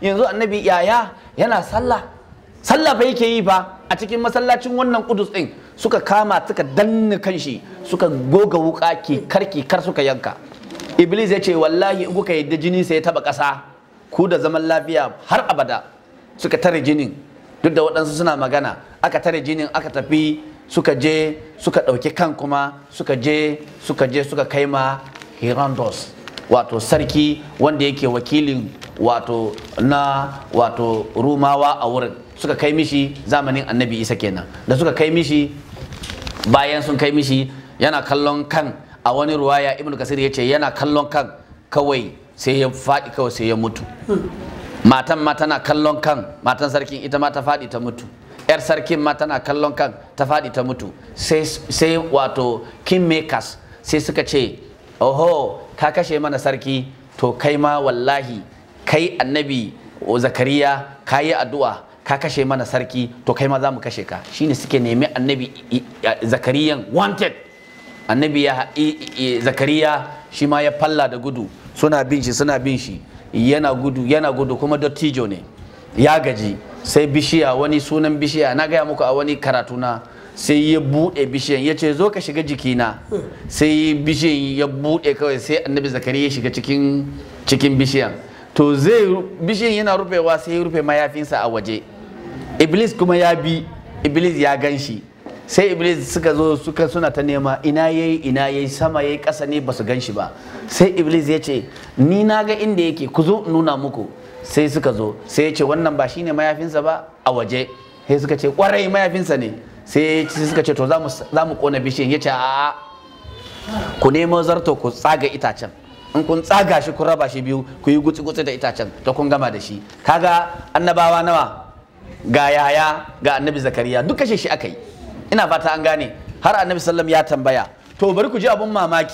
yanzu annabi yaya yana sallah sallah fa yake yi fa a cikin masallacin wannan kudus din suka kama suka danna kanshi suka goga wuka ke karki kar suka yanka iblis ya ce wallahi in kuka yadda jini sai ya taba kasa ku da zaman lafiya har abada suka tare jinin duk da waɗansu suna magana aka tare jinin aka tafi suka je suka ɗauki kan kuma suka je suka je suka kai ma hirandos wato sarki wanda yake wakilin wato na wato rumawa a wurin suka kai mishi zamanin annabi isa kenan da suka kai mishi bayan sun kai mishi yana kallon kan a wani ruwaya ibnu kasir ya ce yana kallon kan kawai sai ya faɗi kawai sai ya mutu matan ma tana kallon kan matan sarkin ita ma ta faɗi ta mutu yar sarkin ma tana kallon kan ta faɗi ta mutu sai wato makers sai suka ce oho ka kashe mana sarki to kai ma wallahi kai annabi zakariya ka yi addu'a ka kashe mana sarki to kai ma za mu kashe ka shine suke nemi annabi zakariyan wanted annabi ya zakariya shi ma ya falla da gudu suna bin shi suna bin shi yana gudu yana gudu kuma dattijo ne ya gaji sai bishiya wani sunan bishiya na gaya muku a wani karatu na sai ya buɗe bishiyan ya ce zo ka shiga jikina sai bishiyan ya buɗe kawai sai annabi Zakariya ya shiga cikin bishiyan to zai bishiyan yana rufewa sai ya rufe mayafinsa a waje iblis kuma ya bi iblis ya gan shi sai iblis suka zo suka suna ta nema ina yi ina yi sama yi ƙasa ne su gan shi ba sai iblis ya ce ni na ga inda yake ku zo nuna muku sai suka zo sai ya ce wannan ba shine mayafinsa ba a waje sai suka ce kwarai mayafinsa ne sai suka ce to za mu kona bishiyan ya ce a'a ku nemo zarto ku tsaga itacen in kun tsaga shi kun raba shi biyu ku yi gutsi-gutsi da itacen to kun gama da shi kaga annabawa nawa ga yaya ga annabi zakariya duk kashe shi aka yi ina fata an gane har annabi sallam ya tambaya to bari ku ji abun mamaki